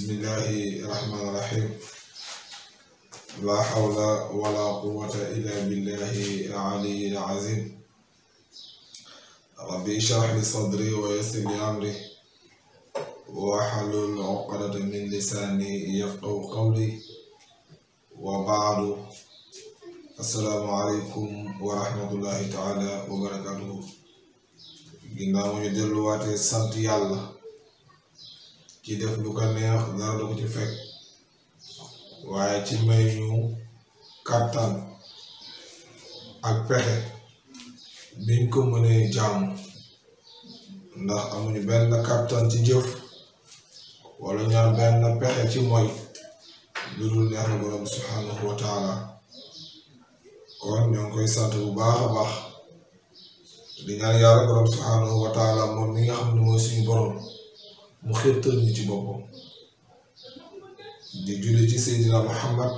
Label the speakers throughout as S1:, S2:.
S1: bismillahi rahmaani rahiim laa hawla wala quwwata illaa billahi aliyyil aziim rabbi ishrah li sadri wa yassir li amri wahlul uqdatan min lisaani yafqahu qawli wa ba'du assalaamu aleykum wa rahmatullahi taala wa barakaatuhu ginnaaw ñu delluwaatee sant yàlla ci def lu ko neex dara du ko ci waaye ci may ñu ak pexe biñ ko mënee jaamu ndax amuñu benn kàttan ci jëf wala ñu benn pexe ci mooy lu dul neex na borom subhanahu wa taala kon ñoo koy sant bu baax a baax di ñaan yàlla borom subhanahu wa taala moom mi nga xam ne mooy suñu mu xirtal ñu ci boppam di julli na Seydina Muhammad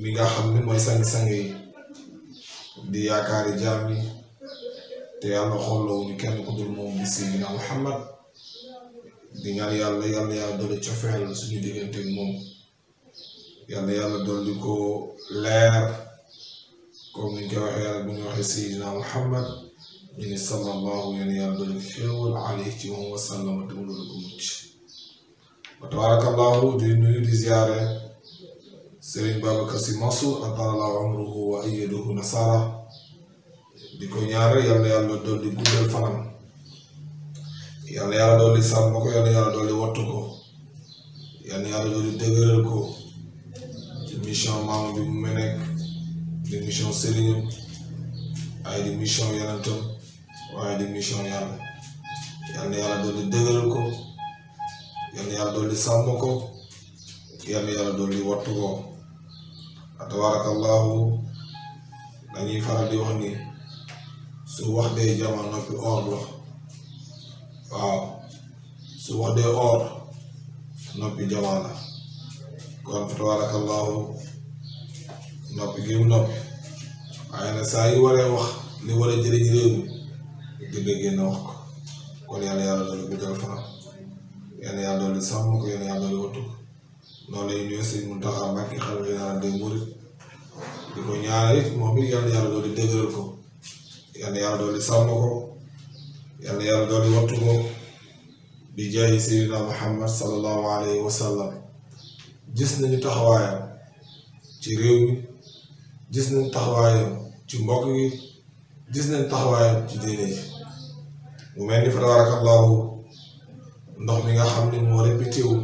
S1: mi nga xam ne mooy sang-sang yi di yaakaari jaam yi te yàlla xooloo ñu kenn ku dul moom di Seydina Muhammad di ñaan yàlla yàlla yàlla doolu cofeel suñu diggante moom yàlla yàlla dool di ko leer comme ni wax koy waxee yàlla bu ñu waxee Seydina Muhammad ñu ngi sallallahu yéen yàlla doon xéewal alay ci moom wasallama te mu doon ko mucc wa di nuyu di ziare Serigne Babacar Sy Mansour amruhu wa ayyaduhu nasara di ko ñaare yàlla yàlla doon di fanam yàlla yàlla doon di sàmm ko yàlla yàlla doon di wattu ko yàlla yàlla doon di mu menek di mission Serigne ay di mission yonentam waaye di mission yàlla yal na yàlla dool di dëgëral ko yal na yàlla dool di sàmm ko yal na yàlla dool di wattu su wax dee jama noppi or la waaw su wax dee or noppi jama la kon tabarakallahu noppi gi noppi waaye na saa yi waree wax li war a di déggee na wax kon yàlla yàlla loolu guddal fanam yàlla yàlla loolu sàmm ko yàlla yàlla loolu wattu noonu lay ñëw sëñ Muntaxa Mbàkke xale bi yàlla day murit di ko ñaare moom it yàlla yàlla loolu dëgëral ko yàlla yàlla loolu sàmm ko yàlla yàlla loolu wattu ko bi jaay Seydina Muhammad sallallahu alayhi wa sallam gis nañu taxawaayam ci réew mi gis nañu taxawaayam ci mbokk yi gis nañu taxawaayam ci diine mu mel ni fa tabaarakallaahu ndox mi nga xam ne moo répété wu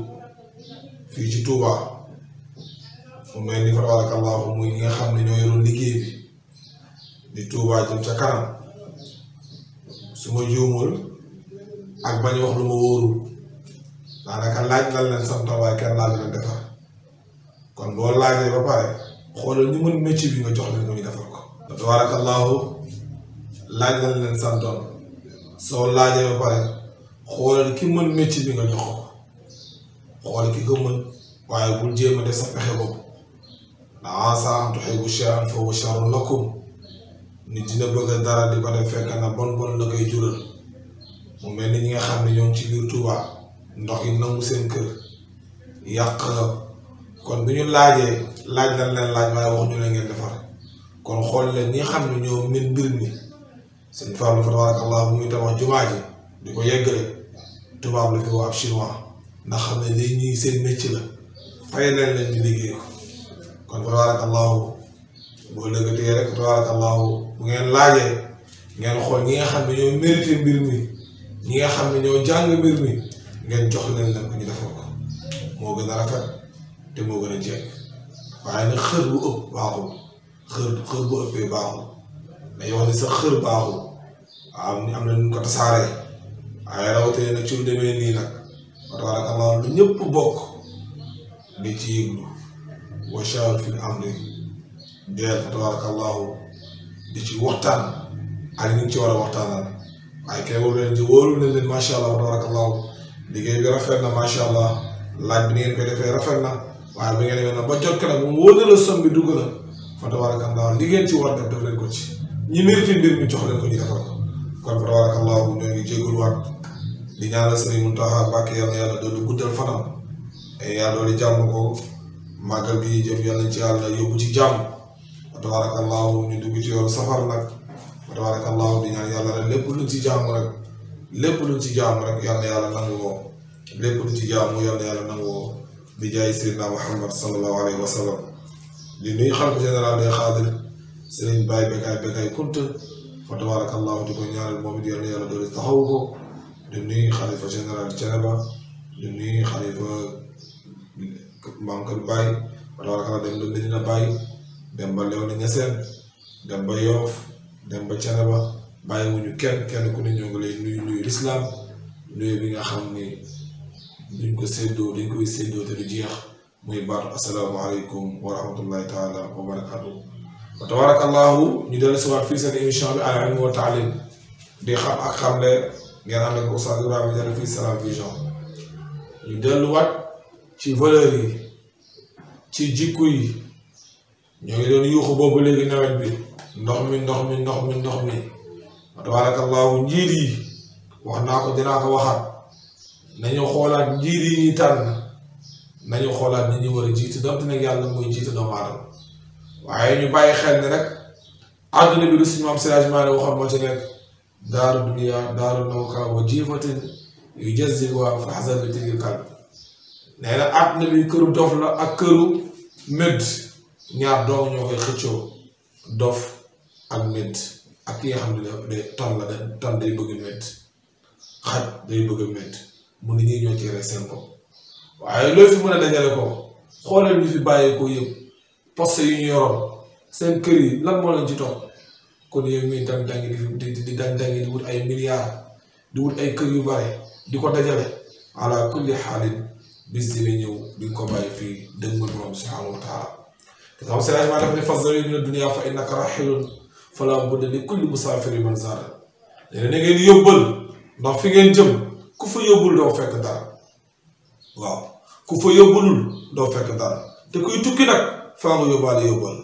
S1: fii ci Touba mu mel ni fa tabaarakallaahu muy nga xam ne ñoo yoroon liggéey bi di Touba jëm ca kanam su ma juumul ak bañ wax lu ma wóorul daanaka laaj lan leen sant waaye kenn laaj la defar kon boo laajee ba pare xoolal leen ñu soo laajee ba pare xoolal ki mën métier bi nga jox ko xoolal ki ko mën waaye bul jéem a def sa pexe bopp ndax asaa an tuhibbu shay'an fa huwa sharrun lakum nit dina bëgg dara di ko def fekk na bon bon la koy jural mu mel ni ñi nga xam ne ñoo ngi ci biir Tuuba ndox yi nangu seen kër yàq kon bi ñu laajee laaj lan leen laaj waaye waxuñu la ngeen defar kon xool leen ñi nga xam ne ñoo mën mbir mi. sëñ Fallou fa tabarakallah mu ngi tabax jumaa ji di ko yeggale tubaab la fi woo ab chinois ndax xam ne lii ñuy seen métier la fay leen leen ñu ko kon fa tabarakallahu boo lëkkatee rek fa tabarakallahu bu ngeen laajee ngeen xool ñi nga xam ne ñoo mérité mbir mi ñi nga xam ne ñoo jàng mbir mi ngeen jox leen leen ko ñu defal ko moo gën a rafet te moo gën a jekk waaye nag xër bu ëpp baaxul xër bu ëppee baaxul. mais yow ni sa xër baaxul waaw am na nu ko tasaaree waaye rawatina nag ci lu demee nii nag wa tabaarakallah lu ñëpp bokk di ci yëglu wa shaawir fil amri deel fa tabaarakallahu di ci waxtaan ak ñu ci war a waxtaanal waaye kay wóolu leen di wóolu leen leen liggéey bi rafet na macha allah laaj bi ni ngeen koy defee rafet na waaye bi ngeen demee nag ba jot kanam mu wóor na la som bi dugg na fa tabaarakallahu li ci war def def leen ko ci. ñi mérité mbir mi jox leen ko ñu defal ko kon fa tabarakallahu ñoo ngi jégaluwaat di ñaanal sëriñ Muntaxa Mbàkke yàlla yàlla doolu guddal fanam yàlla doolu jàmm ko màggal bi jëm yàlla ci yàlla yóbbu ci jàmm fa tabarakallahu ñu dugg ci yoonu safar nag tabarakallahu di ñaan yàlla rek lépp luñ ci jàmm rek lépp luñ ci jàmm rek yàlla yàlla nangu woo lépp luñ ci Muhammad sallallahu alayhi wa sallam di nuyu xalifa général des sëriñ Baye Bekay Bekay Kunta fa tabarakallahu di ko ñaanal moom it yal na yàlla doole ko di nuyu xalifa général Thiénaba di nuyu xalifa Mankal Baye fa tabarakallahu dem ba Medina Baye dem ba Léona Niassène dem ba Yoff dem ba Thiénaba bàyyiwuñu kenn kenn ku ne ñoo ngi nuyu nuyu lislaam nuyu bi xam ni duñ ko séddoo dañ koy séddoo te du jeex muy baatu asalaamaaleykum wa rahmatullahi taala wa barakaatu wa tabarakallahu ñu dellu si waat fii seen émission bi al ilm wa taalim di xam ak xamle ngeen xam ne ko Oustaz Ibrahima Diallo fii Salam Vision ñu delluwaat ci valeur yi ci jikku yi ñoo ngi doon yuuxu boobu léegi nawet bi ndox mi ndox mi ndox mi ndox mi wa tabarakallahu njiit yi wax naa ko dinaa ko waxaat nañu xoolaat njiit yi ñuy tànn nañu xoolaat ni ñu war a jiitu donte nag yàlla mooy jiitu doomu aadama waaye ñu bàyyi xel ne rek àdduna bi du suñu maam Seydi Hadji Malick waxoon moo ci nekk daaru dunya daaru nawka wa jiifatin yu jazzi waa fa xasal bi tigil kal nee na bi këru dof la ak këru mëdd ñaar doom ñoo koy xëccoo dof ak mëdd ak ki nga xam day bëgg mëdd xaj day bëgg mëdd mu ne ñii ñoo ci seen bopp waaye loolu fi mën a dajale ko xoolal ñu fi bàyyi ko yëpp poste yu ñu yoroon seen kër yi lan moo leen ci kon yooyu muy dangi di di di wut ay milliards di wut ay kër yu bare di ko dajale ala kulli xaalin bis dina ñëw di nga ko bàyyi fii dëgmal borom subhaanahu wa taala te sama sénage maa def ne fas zawi mina dunya fa innaka raxilun fala li kulli musaafirin man zaara léegi da ngeen yóbbal ndax fi ngeen jëm ku fa yóbbul doo fekk dara waaw ku fa doo fekk dara te kuy tukki nag. faa nga yóbbaale yóbbal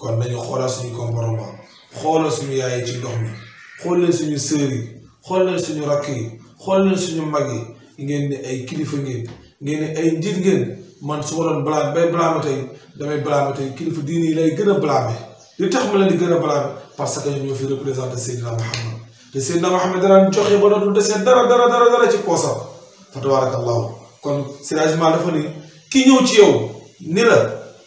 S1: kon nañu xoolal suñu comportement xoolal suñu yaay ci ndox mi xool leen suñu sœur yi xool leen suñu rakk yi xool leen suñu mag yi ngeen ne ay kilifa ngeen ngeen ay njiit ngeen man su ma doon balaam bay balaame tey damay balaame kilifa diini yi lay gën a balaame li tax ma leen di gën a balaame parce que ñoom ñoo fi représenté Seydina Mouhamed te Seydina Mouhamed danaan joxe ba dootul desee dara dara dara dara ci poosam fa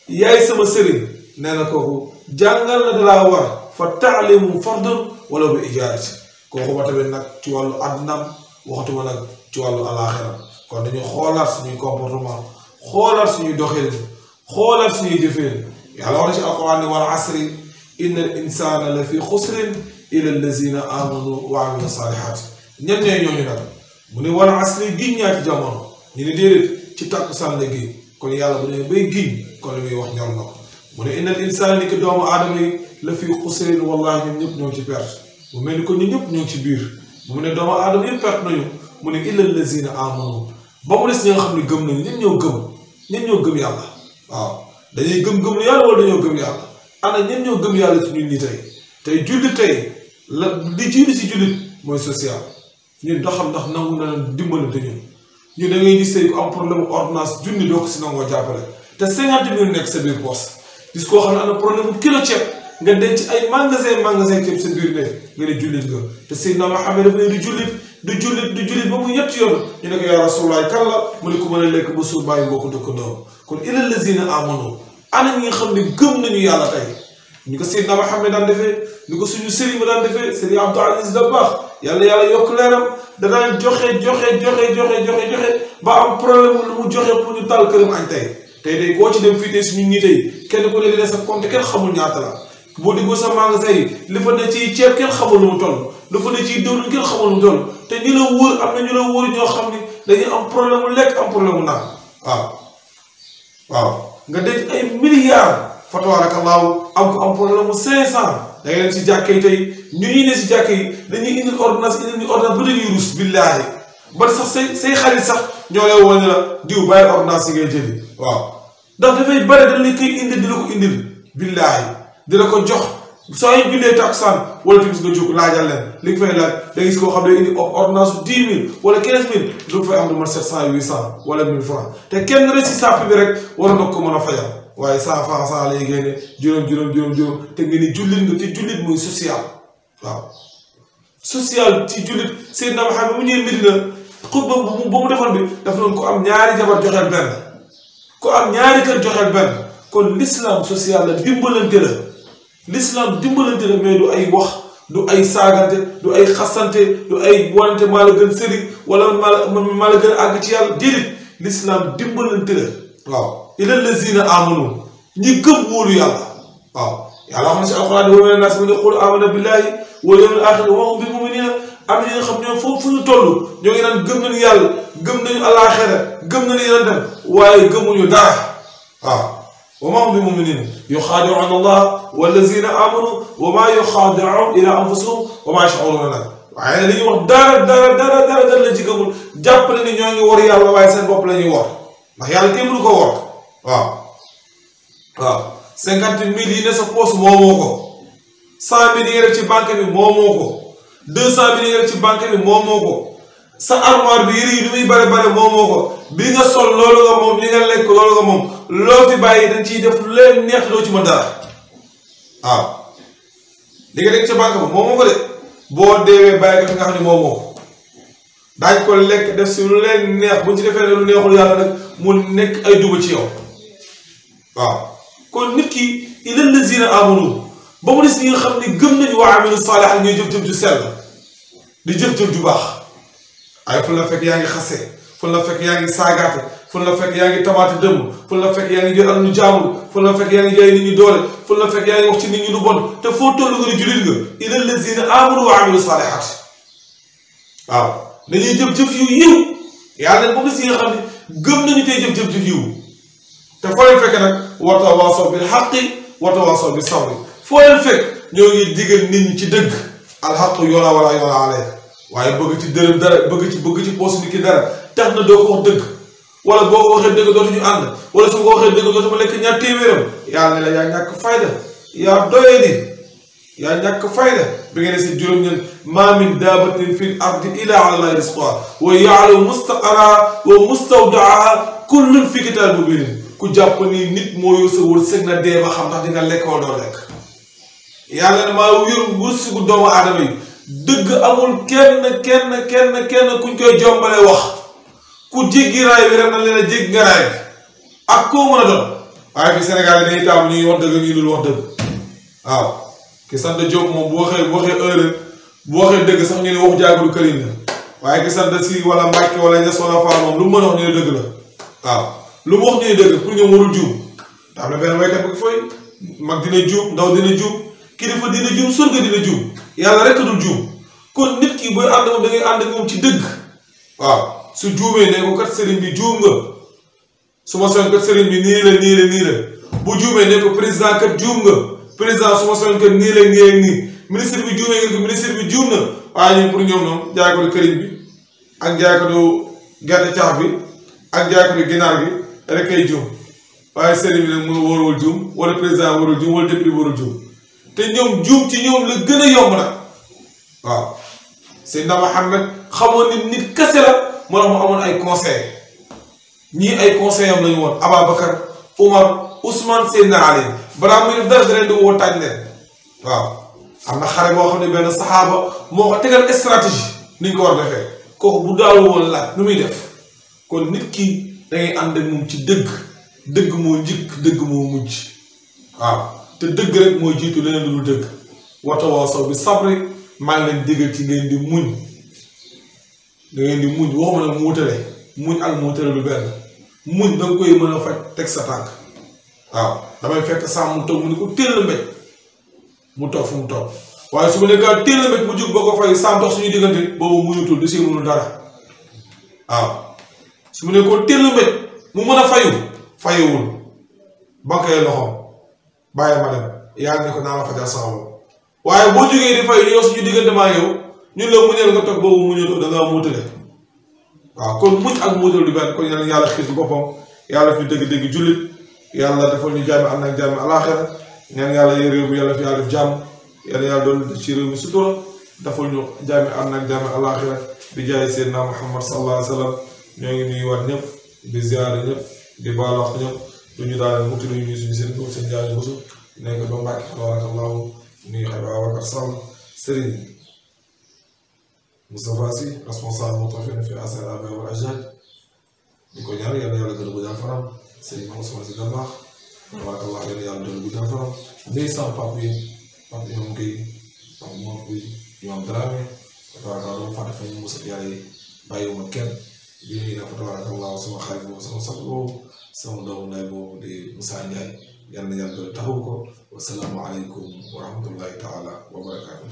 S1: yaay sama sëriñ nee na kooku jàngal na dalaa war fa taalimu fardun wala bu ijaarati kooku ba tamit nag ci wàllu àddinaam waxatuma nag ci wàllu alaaxira kon dañu xoolaat suñuy comportement xoolaat suñuy doxin xoolaat suñuy jëfin yàlla wax na ci alquran ne wal asri inna al la fi xusrin illa allazina amanu wa amilu salihat ñen ñooy ñooñu nag mu ne wal asri giñ ñaa ci ñu ne déedéet ci tàkkusaan la gi kon yàlla bu ne bay giñ kon li muy wax ñor na ko mu ne innal insaan ni ki doomu aadama yi la fi xusrin wallahi ñun ñëpp ñoo ci perte mu mel ni ko ñu ñëpp ñoo ci biir mu ne doomu aadama yëpp perte nañu mu ne illa lazina amanu ba mu des ñi nga xam ne gëm nañu ñun ñoo gëm ñun ñoo gëm yàlla waaw dañuy gëm-gëm yàlla wala dañoo gëm yàlla ana ñun ñoo gëm yàlla ci ñun ñi tey tey jullit tey la li jiitu si jullit mooy social ñun doo xam ndax nangu na dimbali dañu ñu da ngay gis tey ku am problème ordonnance junni doo ko si nangoo jàppale te cinquante mille nekk sa biir poos gis koo xam ne am na problème bu kilo ceeb nga denc ay magasin magasin ceeb sa biir ne nga ne jullit nga te Seydina Muhammad daf ne du jullit du jullit du jullit ba mu ñetti yoon ñu ne ko yaa Rasulullaah kan la mu ne ko mën a lekk ba suur bàyyi mbokku dëkkandoo kon ilal lazina amanu ana ñi nga xam ne gëm nañu yàlla tey ñu ko Seydina Mohamed daan defee ñu ko suñu sëriñ ba daan defee sëriñ Abdou Aziz Dabakh yàlla yàlla yokk leeram danaan joxe joxe joxe joxe joxe joxe ba am problème lu mu joxe pour ñu taal këram añ tey tey day koo ci dem fii tey suñu ñii tey kenn ku ne sa compte kenn xamul ñaata la boo déggoo sa magasin yi li fa ne ciy ceeb kenn xamul lu mu toll li fa ne ciy diwlin kenn xamul mu toll te ñu la wóor am na ñu la wóor ñoo xam ni dañuy am problème mu lekk am problème mu naan waaw waaw fa tabaarakallaahu am ko am problème mu 500 da ngay dem si jàkkee tey ñu ñuy ne si jàkkee yi dañuy indil ordonnance indil ñu ordonnance ba dañuy billaahi ba sax say say xarit sax ñoo lay woo ne la diw bàyyi ordonnance yi ngay jëli waaw ndax dafay bëri dañ la koy indil di la ko indil billaahi jox soo yi jullee takusaan wala timis nga jóg laajal leen li nga fay laaj da gis koo xam ne indi ordonnance su 10 000 wala 15 000 lu fay am lu te kenn rek si sàpp bi rek war na ko mën a fayal. waaye cent franc cent lay génne juróom juróom juróom juróom te nga ni jullit nga te jullit mooy social waaw social ci jullit seen dama xam ne mu ñëwee Medina xutba bu mu defoon bi daf noonu ko am ñaari jabar joxeel benn ku am ñaari kër joxeel benn kon l'islam social la dimbalante la l'islam dimbalante la mais du ay wax du ay saagante du ay xasante du ay wante maa la gën sëriñ wala maa la maa la gën àgg ci yàlla déedéet l'islam dimbalante la waaw ilal lazina amanu ñi gëm wóolu yàlla waaw yàlla wax na si alxuraan wa mina naasi man yaqulu amanna billahi wal yawmil aaxir wa hum bi muminina am na ñi nga xam ñoom foofu fu ñu toll ñoo ngi naan gëm nañu yàlla gëm nañu alaaxira gëm nañu yeneen dem waaye gëmuñu dara waaw wa ma hum bi muminina yuxaadicuuna allah wallazina amanu wa ma yuxaadicuuna ila anfusihum wa ma yashcuruuna nag waaye li ñuy wax dara dara dara dara dara la ci gëmul jàpp na ni ñoo ngi war yàlla waaye seen bopp la ñuy war ndax yàlla kenn mënu ko war waaw waaw cinquante mille yi ne sa poos moomoo ko cent mille yi ci banque bi moomoo ko deux cent mille yi nga def ci banque bi moomoo ko sa armoire bi yëre yi li muy bare bare moomoo ko bi nga sol loolu nga moom li nga lekk loolu nga moom loo fi bàyyi dañ ciy def leen neex doo ci mën dara waaw li nga def ci banque bi moomoo ko de boo deewee bàyyi ko nga xam ne moomoo ko daañ ko lekk def si lu leen neex bu ñu ci defee lu neexul yàlla nag mu nekk ay duba ci yow waaw kon nit ki illa lazina amanu ba mu des ñi nga xam ne gëm nañu wa amilu saalihaat ñuy jëf-jëf di jëf-jëf ju baax ay fu la yaa ngi xase fu la fekk yaa ngi saagaate fu la fekk yaa ngi tabaate dëmm fu la fekk yaa ñu jaamul fu la fekk yaa ngi doole fu la ci nit ñi lu bon te foo toll nga ne jullit nga illa lazina amanu wa amilu saalihaat waaw dañuy jëf-jëf yàlla ba mu des ñi nga xam ne gëm nañu tey jëf-jëf yiw te fooy fekk nag wa tawaasaw bil xaqi wa tawaasaw bis sabri foo leen fekk ñoo ngi digal nit ñi ci dëgg alxaq yoolaa wala yoolaa alee waaye bëgg ci dërëm dara bëgg ci bëgg ci poos nit ki dara tax na doo ko dëgg wala boo ko waxee dëgg dootuñu ànd wala su ma ko waxee dëgg dootuma lekk ñaar téeméeram yaa ne la fayda yaa doyee di yaa ñàkk fayda bi nga ne si juróom-ñeent maa min daabatin fil ardi illa ala llahi risqoha wa yaalamu mustaqaraha wa mustawdaaha kullun fi kitaab mubinin ku jàpp ni nit moo yor sa wërsëg na dee ba xam ndax di nga lekk wala doo lekk yàlla ne maa yor wërsëgu doomu aadama yi dëgg amul kenn kenn kenn kenn kuñ koy jombale wax ku jéggi raay bi rek na leen a jéggi nga raay bi ak koo mën a doon waaye fi Sénégal yi dañuy taamu ñuy wax dëgg ñuy dul wax dëgg waaw ki sant Diop moom bu waxee bu waxee heure bu waxee dëgg sax ñu ne waxu jaagul këriñ la waaye ki sant si wala Mbàkke wala Ñas wala a wax lu mu wax dina dëgg pour ñoom warul juum daa am na benn waykat bu fooy mag dina juum ndaw dina juum kilifa dina juum surga dina juum yàlla rek dul juum kon nit ki booy ànd moom da ànd moom ci dëgg waaw su juumee ne ko bi juum nga su ma soxla kat sëriñ bi nii la nii la nii la bu juumee ne président kat juum nga président su ma soxla kat nii la nii la nii ministre bi juumee nga ko ministre bi juum na waaye ñun pour ñoom noonu jaay këriñ bi ak jaay ko gerte caaf ginaar bi. rek kay juum waaye sëriñ bi nag moo warul juum wala président warul juum wala député warul juum te ñoom juum ci ñoom la gën a yomb nag waaw Seydina Muhammad xamoon nit nit kese la moo tax mu amoon ay conseil ñii ay conseil am lañu woon Ababacar Omar Ousmane Seydina Ali balaa muy def dara da leen di woo taaj waaw am na xare boo xam ne benn saxaaba moo ko tegal stratégie ni ko war defee kooku bu daawul woon nu muy def kon nit ki dangay ànd ak moom ci dëgg dëgg moo njëkk dëgg moo mujj waaw te dëgg rek moo jiitu leneen lu dëgg watawaasaw bi sabri maa ngi leen digal ci ngeen di muñ da ngeen di muñ waxuma nag muutale muñ ak muutale lu benn muñ da mën a teg sa tànk waaw damay fekk sàmm mu toog lu ne mu toog fu mu toog waaye su ma nee gaa téel mbéj mu jóg boo ko fay sàmm dox suñu diggante boobu muñutul du si mënul dara waaw mu ne ko tëll mbéj mu mën a fayu fayuwul banquee loxoom bàyyi ma dem yàlla ne ko naa la fajal sama waaye boo jógee di fayu yow suñu diggante maa yow ñun la muñal nga toog boobu muñatoo da ngaa muutale waaw kon muñ ak muutal du benn kon yàlla yàlla xiis boppam yàlla fi dëgg-dëgg jullit yàlla dafa ñu jàmm am nag jàmm alaaxira ñaan yàlla yéen réew mi yàlla fi yàlla def jàmm yàlla yàlla doon ci réew mi sutura dafa ñu jàmm am na jàmm alaaxira bi ñoo ngi nuyu waat ñëpp ziare ñëpp di baal wax ñëpp daal mukk di nuyu suñu sëriñ boobu seen jaay mosu nekk ba Mbàkke tabaarakallaahu nuyu xëy waa Bakar Sall sëriñ Moustapha Sy responsable Moutafina fi Asal Abay wal Ajdaad di ko ñaan yàlla yàlla a guddal faram sëriñ Mame Ousmane Sy Dabakh tabaarakallaahu yàlla yàlla gën a faram nuyu sama papa yi papa yi moom kay papa moom kuy ñoom Dramé tabaarakallaahu fàtte fa ñu kenn di nuyu na fa tabarakallah sama xarit boobu sama sax boobu sama doomu ndey boobu di Moussa Ndiaye yal na yàlla taxaw ko wasalaamualeykum wa rahmatullahi taala wa barakaatu.